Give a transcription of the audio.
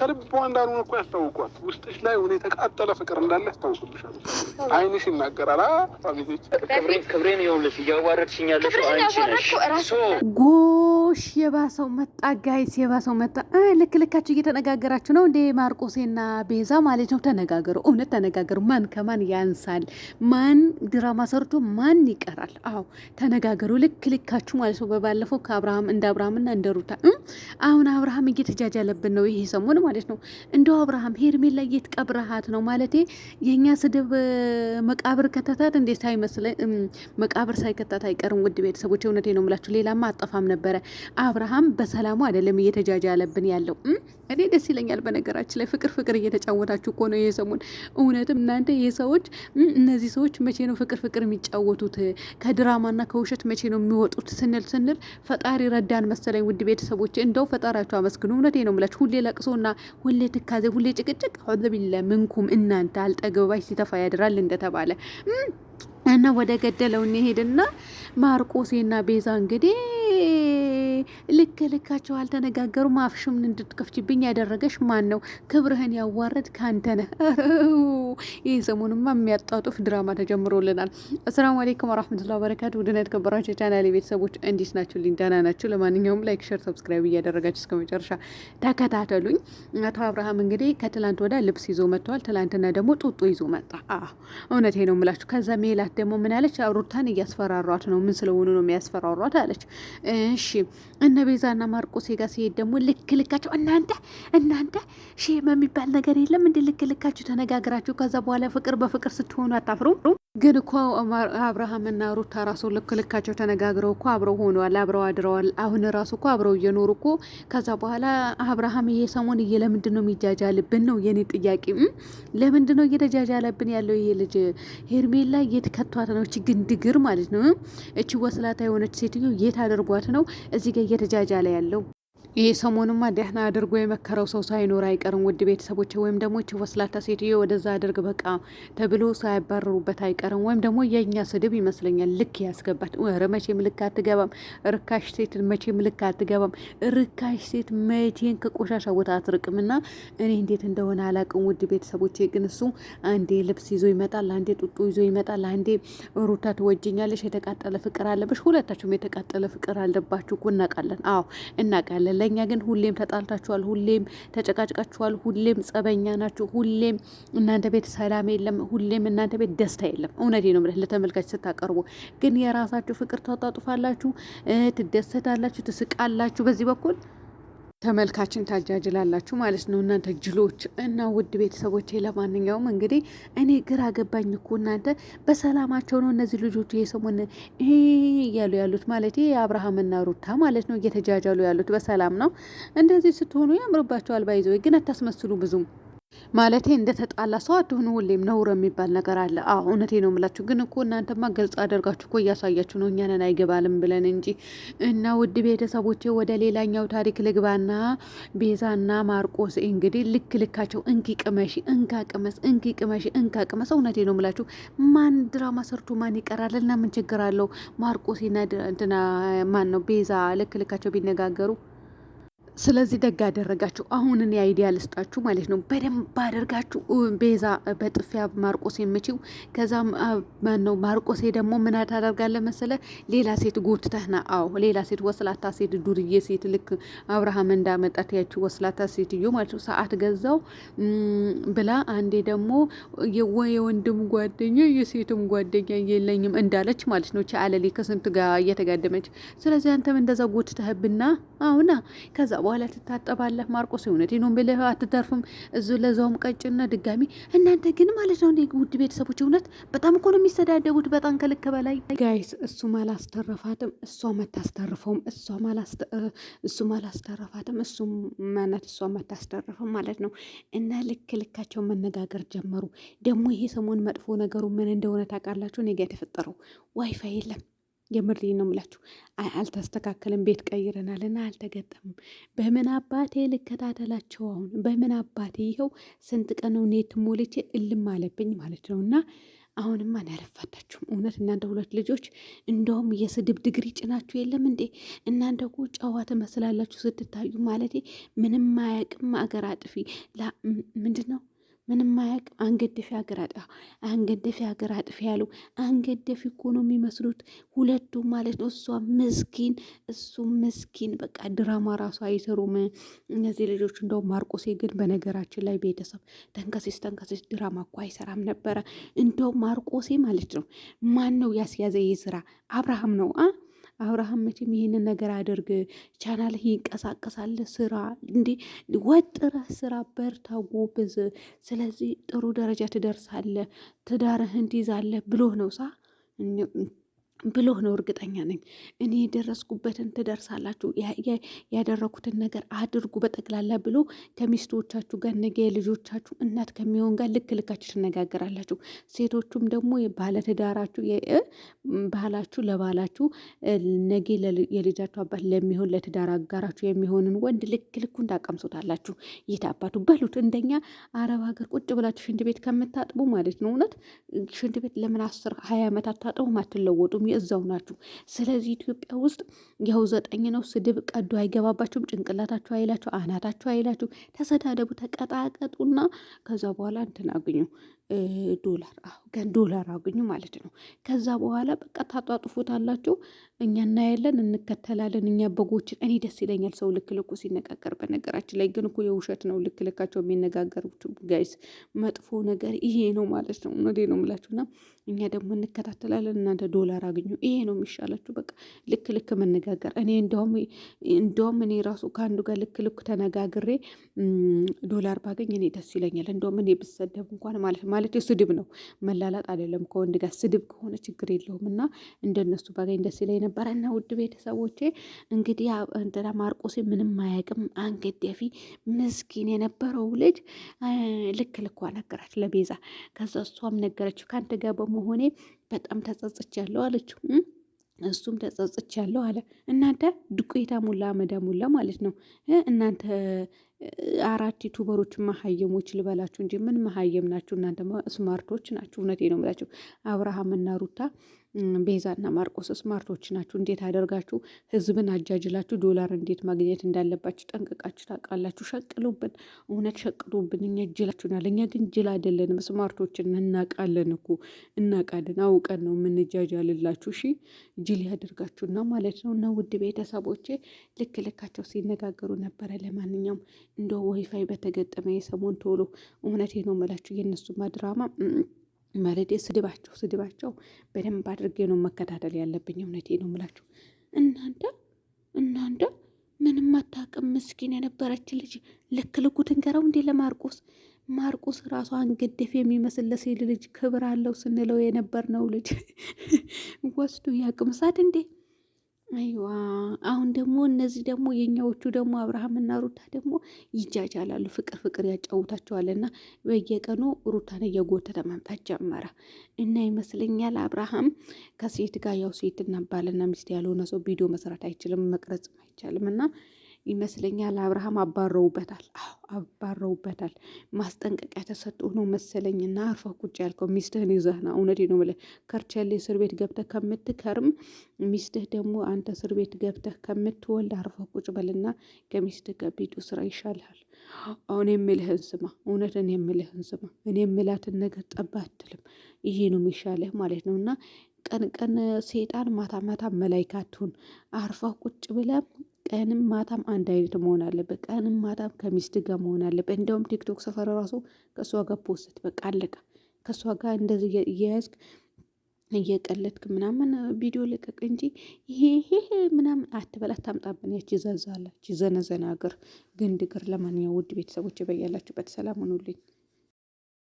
ከልቧ እንዳልሆነ እኮ ያስታውቋል። ውስጥሽ ላይ ሆነ የተቃጠለ ፍቅር እንዳለ ያስታውሱልሻል። አይንሽ ይናገራል። ቤቶች ክብሬን ይኸውልሽ እያዋረድሽኛለሽ አንቺ ነሽ ጉ ውሽ የባሰው መጣ ጋይስ፣ የባሰው መጣ። ልክ ልካችሁ እየተነጋገራችሁ ነው እንዴ? ማርቆሴና ቤዛ ማለት ነው። ተነጋገሩ፣ እውነት ተነጋገሩ። ማን ከማን ያንሳል? ማን ድራማ ሰርቶ ማን ይቀራል? አዎ ተነጋገሩ፣ ልክ ልካችሁ ማለት ነው። በባለፈው ከአብርሃም እንደ አብርሃምና እንደ ሩታ አሁን አብርሃም እየተጃጃለብን ነው፣ ይሄ ሰሞን ማለት ነው። እንደው አብርሃም ሄርሜላ የት ቀብረሃት ነው? ማለት የእኛ ስድብ መቃብር ከተታት እንዴ? ሳይመስለ መቃብር ሳይከታት አይቀርም። ውድ ቤተሰቦች፣ እውነቴ ነው የምላችሁ ሌላማ አጠፋም ነበረ አብርሃም በሰላሙ አይደለም እየተጃጃለብን ያለው። እኔ ደስ ይለኛል። በነገራችን ላይ ፍቅር ፍቅር እየተጫወታችሁ እኮ ነው የሰሙን። እውነትም እናንተ የሰዎች እነዚህ ሰዎች መቼ ነው ፍቅር ፍቅር የሚጫወቱት? ከድራማና ከውሸት መቼ ነው የሚወጡት? ስንል ስንል ፈጣሪ ረዳን መሰለኝ። ውድ ቤተሰቦች እንደው ፈጣሪያቸው አመስግኑ። እውነቴ ነው የምላችሁ። ሁሌ ለቅሶና ሁሌ ትካዜ፣ ሁሌ ጭቅጭቅ ቢላ ምንኩም እናንተ አልጠገባይ ሲተፋ ያድራል እንደተባለ እና ወደ ገደለው እንሄድና ማርቆሴና ቤዛ እንግዲህ ልክ ልካቸው አልተነጋገሩ ማፍሽም እንድትከፍችብኝ ያደረገሽ ማን ነው? ክብርህን ያዋረድ ከአንተ ነህ። ይህ ሰሞኑማ የሚያጣጡፍ ድራማ ተጀምሮልናል። አሰላሙ አሌይኩም ወራህመቱላ በረካቱ። ውድና የተከበራቸው የቻናሌ ቤተሰቦች እንዲት ናችሁ? ሊንዳና ናችሁ። ለማንኛውም ላይክ፣ ሸር፣ ሰብስክራይብ እያደረጋችሁ እስከ መጨረሻ ተከታተሉኝ። አቶ አብርሃም እንግዲህ ከትላንት ወዳ ልብስ ይዞ መጥተዋል። ትላንትና ደግሞ ጡጦ ይዞ መጣ። እውነቴ ነው ምላችሁ። ከዛ ሜላት ደግሞ ምን አለች? ሩታን እያስፈራሯት ነው። ምን ስለሆኑ ነው የሚያስፈራሯት አለች። እሺ እነ ቤዛና ማርቆስ ጋር ሲሄድ ደግሞ ልክ ልካቸው እናንተ እናንተ ሼም የሚባል ነገር የለም እንዲ ልክ ልካችሁ ተነጋግራችሁ ከዛ በኋላ ፍቅር በፍቅር ስትሆኑ አታፍሩም? ግን እኮ አብርሃምና ሩታ ራሱ ልክ ልካቸው ተነጋግረው እኮ አብረው ሆነዋል፣ አብረው አድረዋል። አሁን ራሱ እኮ አብረው እየኖሩ እኮ ከዛ በኋላ አብርሃም ይሄ ሰሞን እየ ለምንድን ነው የሚጃጃልብን ነው የኔ ጥያቄ። ለምንድን ነው እየተጃጃለብን ያለው ይሄ ልጅ? ሄርሜላ የት ከቷት ነው እች ግንድግር ማለት ነው? እች ወስላታ የሆነች ሴትዮ የት አድርጓት ነው እዚህ ጋር እየተጃጃለ ያለው? ይህ ሰሞኑማ ደህና አድርጎ የመከረው ሰው ሳይኖር አይቀርም። ውድ ቤተሰቦች ወይም ደግሞ ች ወስላታ ሴትዮ ወደዛ አድርግ በቃ ተብሎ ሳያባረሩበት አይቀርም። ወይም ደግሞ የእኛ ስድብ ይመስለኛል ልክ ያስገባት። ኧረ መቼም ልክ አትገባም። ርካሽ ሴት መቼም ልክ አትገባም። ርካሽ ሴት መቼን ከቆሻሻ ቦታ አትርቅም። ና እኔ እንዴት እንደሆነ አላቅም። ውድ ቤተሰቦቼ ግን እሱ አንዴ ልብስ ይዞ ይመጣል፣ አንዴ ጡጡ ይዞ ይመጣል፣ አንዴ ሩታ ትወጅኛለሽ፣ የተቃጠለ ፍቅር አለብሽ። ሁለታችሁም የተቃጠለ ፍቅር አለባችሁ እኮ አዎ እናቃለን። ከእኛ ግን ሁሌም ተጣልታችኋል፣ ሁሌም ተጨቃጭቃችኋል፣ ሁሌም ጸበኛ ናችሁ፣ ሁሌም እናንተ ቤት ሰላም የለም፣ ሁሌም እናንተ ቤት ደስታ የለም። እውነቴ ነው የምልህ ለተመልካች ስታቀርቡ ግን የራሳችሁ ፍቅር ታጣጡፋላችሁ፣ ትደሰታላችሁ፣ ትስቃላችሁ በዚህ በኩል ተመልካችን ታጃጅላላችሁ ማለት ነው እናንተ ጅሎች እና ውድ ቤተሰቦች። ለማንኛውም እንግዲህ እኔ ግራ ገባኝ እኮ እናንተ በሰላማቸው ነው እነዚህ ልጆቹ የሰሞን እያሉ ያሉት ማለት የአብርሃም እና ሩታ ማለት ነው እየተጃጃሉ ያሉት በሰላም ነው። እንደዚህ ስትሆኑ ያምርባቸዋል። ባይዘ ግን አታስመስሉ ብዙም ማለቴ እንደተጣላ ሰው አትሁኑ። ሁሌም ነውር የሚባል ነገር አለ። አዎ እውነቴ ነው የምላችሁ። ግን እኮ እናንተማ ግልጽ አደርጋችሁ እኮ እያሳያችሁ ነው፣ እኛንን አይገባልም ብለን እንጂ። እና ውድ ቤተሰቦቼ ወደ ሌላኛው ታሪክ ልግባና ቤዛና ማርቆስ እንግዲህ ልክ ልካቸው እንኪ ቅመሽ፣ እንካ ቅመስ፣ እንኪ ቅመሽ፣ እንካ ቅመስ። እውነቴ ነው የምላችሁ። ማን ድራማ ሰርቶ ማን ይቀራል? እና ምን ችግር አለው? ማርቆስና ማን ነው ቤዛ ልክ ልካቸው ቢነጋገሩ ስለዚህ ደግ ያደረጋችሁ። አሁን እኔ አይዲያ ልስጣችሁ ማለት ነው። በደንብ አደርጋችሁ ቤዛ በጥፊያ ማርቆስ የምችው ከዛ ማነው ማርቆሴ ደግሞ ምን ታደርጋለ መሰለ ሌላ ሴት ጎትተህና፣ አዎ ሌላ ሴት ወስላታ ሴት፣ ዱርዬ ሴት ልክ አብርሃም እንዳመጣት ያችው ወስላታ ሴትዮ ማለት ነው። ሰዓት ገዛው ብላ አንዴ ደግሞ የወንድም ጓደኛ የሴትም ጓደኛ የለኝም እንዳለች ማለት ነው። ቻለሌ ከስንት ጋር እየተጋደመች ስለዚህ አንተም እንደዛ ጎትተህብና አሁና ከዛ በኋላ ትታጠባለህ ማርቆስ እውነት ነው ብለህ አትተርፍም። እዙ ለዛውም ቀጭና ድጋሚ እናንተ ግን ማለት ነው ውድ ቤተሰቦች እውነት በጣም እኮ ነው የሚሰዳደቡት፣ በጣም ከልክ በላይ ጋይስ። እሱም አላስተረፋትም፣ እሷም አታስተርፈውም፣ እሱም አላስተረፋትም፣ እሱም ማናት እሷም አታስተርፍም ማለት ነው። እና ልክ ልካቸው መነጋገር ጀመሩ። ደግሞ ይሄ ሰሞን መጥፎ ነገሩ ምን እንደሆነ ታውቃላችሁ? እኔ የተፈጠረው ዋይፋይ የለም የምሬ ነው ምላችሁ። አልተስተካከልም፣ ቤት ቀይረናልና አልተገጠምም። በምን አባቴ ልከታተላቸው አሁን? በምን አባቴ ይኸው ስንት ቀን ነው ኔት ሞልቼ እልም አለብኝ ማለት ነው። እና አሁንማ እኔ እውነት። እናንተ ሁለት ልጆች እንደውም የስድብ ድግሪ ጭናችሁ የለም እንዴ? እናንተ እኮ ጨዋ ትመስላላችሁ ስትታዩ። ማለቴ ምንም አያውቅም አገር አጥፊ ምንድን ነው ምንም አያቅ አንገደፊ ሀገር አጥፊ አንገደፊ ሀገር አጥፊ ያሉ አንገደፊ እኮ ነው የሚመስሉት ሁለቱ ማለት ነው። እሷ ምስኪን፣ እሱ ምስኪን። በቃ ድራማ ራሱ አይሰሩም እነዚህ ልጆች። እንደው ማርቆሴ ግን በነገራችን ላይ ቤተሰብ ተንከሴስ ተንከሴስ ድራማ እኮ አይሰራም ነበረ። እንደው ማርቆሴ ማለት ነው ማን ነው ያስያዘ ይህ ስራ? አብርሃም ነው አ አብርሃም መቼም ይህንን ነገር አድርግ፣ ቻናልህ ይንቀሳቀሳል፣ ስራ እንዴ ወጥረ ስራ፣ በርታ፣ ጎብዝ፣ ስለዚህ ጥሩ ደረጃ ትደርሳለህ፣ ትዳርህን ትይዛለህ ብሎ ነው ሳ ብሎ ነው። እርግጠኛ ነኝ እኔ የደረስኩበትን ትደርሳላችሁ፣ ያደረኩትን ነገር አድርጉ በጠቅላላ ብሎ ከሚስቶቻችሁ ጋር ነገ የልጆቻችሁ እናት ከሚሆን ጋር ልክ ልካችሁ ትነጋገራላችሁ። ሴቶቹም ደግሞ ባለትዳራችሁ ባህላችሁ ለባላችሁ ነገ የልጃችሁ አባት ለሚሆን ለትዳር አጋራችሁ የሚሆንን ወንድ ልክ እንዳቀምሶታላችሁ ታቀምሶታላችሁ። አባቱ በሉት። እንደኛ አረብ ሀገር ቁጭ ብላችሁ ሽንት ቤት ከምታጥቡ ማለት ነው እውነት ሽንት ቤት ለምን አስር ሀያ ዓመት አታጥቡም? አትለወጡም የእዛው ናችሁ። ስለዚህ ኢትዮጵያ ውስጥ ያው ዘጠኝ ነው። ስድብ ቀዶ አይገባባችሁም፣ ጭንቅላታችሁ አይላችሁ፣ አናታችሁ አይላችሁ። ተሰዳደቡ፣ ተቀጣቀጡና ከዛ በኋላ እንትን አግኙ። ዶላር አሁ ገን ዶላር አገኙ ማለት ነው። ከዛ በኋላ በቃ አላቸው እኛ እናያለን እንከተላለን እኛ በጎችን እኔ ደስ ይለኛል ሰው ልክ ልኩ ሲነጋገር። በነገራችን ላይ ግን እኮ የውሸት ነው ልክ ልካቸው የሚነጋገሩት ጋይስ መጥፎ ነገር ይሄ ነው ማለት ነው። እውነቴን ነው የምላችሁ። እና እኛ ደግሞ እንከታተላለን እናንተ ዶላር አገኙ። ይሄ ነው የሚሻላችሁ። በቃ ልክ ልክ መነጋገር እኔ እንደውም እንደውም እኔ ራሱ ከአንዱ ጋር ልክ ልኩ ተነጋግሬ ዶላር ባገኝ እኔ ደስ ይለኛል። እንደውም እኔ ብሰደብ እንኳን ማለት ነው ማለት የስድብ ነው፣ መላላጥ አይደለም። ከወንድ ጋር ስድብ ከሆነ ችግር የለውም እና እንደነሱ ባገኝ ደስ ይለኝ ነበረ። እና ውድ ቤተሰቦቼ እንግዲህ እንትና ማርቆሴ ምንም አያውቅም፣ አንገደፊ ምስኪን የነበረው ልጅ ልክ ልኳ ነገራች ለቤዛ። ከዛ እሷም ነገረችው ከአንተ ጋር በመሆኔ በጣም ያለው አለችው። እሱም ያለው አለ። እናንተ ድቁታ ሙላ መዳ ሙላ ማለት ነው እናንተ አራት ዩቱበሮች መሀየሞች ልበላችሁ እንጂ ምን መሀየም ናችሁ እናንተ ስማርቶች ናችሁ። እውነቴ ነው የምላችሁ። እና ሩታ ቤዛና ማርቆስ ስማርቶች ናችሁ። እንዴት አደርጋችሁ ህዝብን አጃጅላችሁ ዶላር እንዴት ማግኘት እንዳለባችሁ ጠንቅቃችሁ ታውቃላችሁ። ሸቅሉብን፣ እውነት ሸቅሉብን። እኛ ጅላችሁናል። እኛ ግን ጅል አይደለንም። ስማርቶችን እናቃለን እኮ እናቃለን። አውቀን ነው የምንጃጃልላችሁ። እሺ ጅል ያደርጋችሁና ማለት ነው። እና ውድ ቤተሰቦቼ ልክ ልካቸው ሲነጋገሩ ነበረ። ለማንኛውም እንደ ወይፋይ በተገጠመ የሰሞን ቶሎ እውነቴ ነው የምላችሁ የእነሱማ ድራማ ማለቴ ስድባቸው ስድባቸው በደንብ አድርጌ ነው መከታተል ያለብኝ። እውነቴ ነው ምላቸው። እናንተ እናንተ ምንም አታውቅም ምስኪን የነበረች ልጅ ልክ ልኩ ትንገረው እንዴ ለማርቆስ ማርቆስ ራሷን ግድፍ የሚመስል ለሴት ልጅ ክብር አለው ስንለው የነበር ነው ልጅ ወስዱ ያቅምሳት እንዴ አይዋ አሁን ደግሞ እነዚህ ደግሞ የኛዎቹ ደግሞ አብርሃምና ሩታ ደግሞ ይጃጃላሉ። ፍቅር ፍቅር እና በየቀኑ ሩታን እየጎተተ መምጣት ጀመረ እና ይመስለኛል አብርሃም ከሴት ጋር ያው ሴትና ባልና ሚስት ያልሆነ ሰው ቪዲዮ መስራት አይችልም፣ መቅረጽም አይቻልም እና ይመስለኛል አብርሃም አባረውበታል። አዎ አባረውበታል። ማስጠንቀቂያ ተሰጥቶ ነው መሰለኝ እና አርፈህ ቁጭ ያልከው ሚስትህን ይዘህ ና። እውነቴን ነው የምልህ ከርቸል እስር ቤት ገብተህ ከምትከርም ሚስትህ ደግሞ አንተ እስር ቤት ገብተህ ከምትወልድ አርፈህ ቁጭ በልና ከሚስትህ ጋር ቤቱ ስራ ይሻልሃል። አሁን የምልህን ስማ፣ እውነት እኔ የምልህን ስማ። እኔ የምላትን ነገር ጠባ አትልም። ይሄ ነው የሚሻልህ ማለት ነው እና ቀን ቀን ሴጣን ማታ ማታ መላይካቱን አርፈህ ቁጭ ብለህ ቀንም ማታም አንድ አይነት መሆን አለበት። ቀንም ማታም ከሚስት ጋር መሆን አለበት። እንደውም ቲክቶክ ሰፈር ራሱ ከእሷ ጋር ፖስት በቃ አለቀ። ከእሷ ጋር እንደዚህ እየያዝክ እየቀለድክ ምናምን ቪዲዮ ልቀቅ እንጂ ይሄ ምናምን አትበል፣ አታምጣብን። ያች ይዘዛላች ይዘነዘና እግር ግንድ እግር። ለማንኛውም ውድ ቤተሰቦች በያላችሁበት ሰላም ሆኑልኝ።